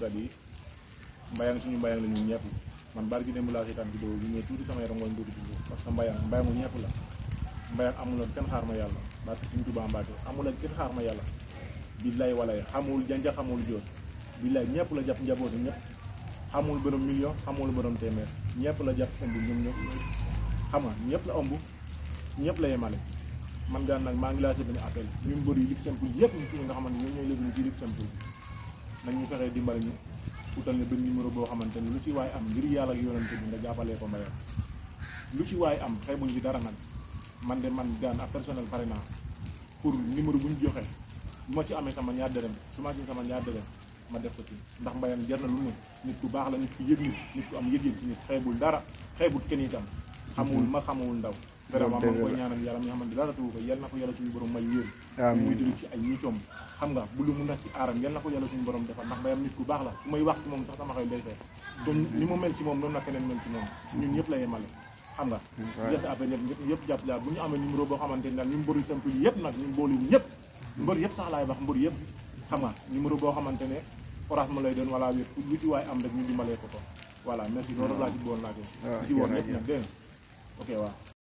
tadi bayang kan sini bayang lagi ñun ñëpp man barki dem laa seetaan vidéo bi mais tuuti samay rongoñ tuuti tuuti parce que bayang mbayangu ñëpp la mbayang amuloon kenn xaar ma yàlla barki suñu tubaa mbaake amuloon kenn xaar ma yàlla billaay walay xamul janja xamul joot billaay ñëpp la jàpp njabooti ñëpp xamul borom million xamul borom téeméer ñëpp la jàpp ëmb ñoom ñëpp xam nga ñëpp la ëmb ñëpp la yemale man gaan nag maa ngi laa ci benn appel ñun ñu nga nañu fexee dimbali ñu utal ne benn numéro boo xamante ni lu ci waay am ngir yàlla ak yonante bi nga jàppalee ko mbayam lu ci waay am xëy buñ ci dara nag man de man gaan ak personnel pare naa pour numéro bu ñu joxe bu ma ci amee sama ñaar dërëm su ma ci sama ñaar dërëm ma def ko ci ndax mbayam jar na lu mu nit ku baax la nit ku yëg nit nit ku am yëg-yëg ci nit xeebul dara xeebul kenn itam mm-hmm. xamul ma xamul ndaw vraiment ma ngi koy ñaanal yàlla mi nga xamante dara tuuba yal na ko yàlla suñu borom may wér amiin muy dund ci ay ñicoom xam nga bu lu mu nekk ci aaram yal na ko yàlla suñu borom defal ndax bayam nit ku baax la su may wax ci moom sax sama xel day fees te ni mu mel ci moom noonu la keneen mel ci moom ñun ñëpp la yemale xam nga mm, def affaire yëpp ñëpp ñëpp jàpp daal bu ñu amee numéro boo xamante ni daal ñu mbëri samp yi yëpp nag ñu mboolu ñëpp mm. mbër yëpp sax laay wax mbër yëpp xam nga numéro boo xamante ne orange ma lay doon wala wér lu ci waay am rek ñu dimbalee ko ko voilà merci loolu laa ci boon laajee ah, ci woon ñëpp nag dégg ok waaw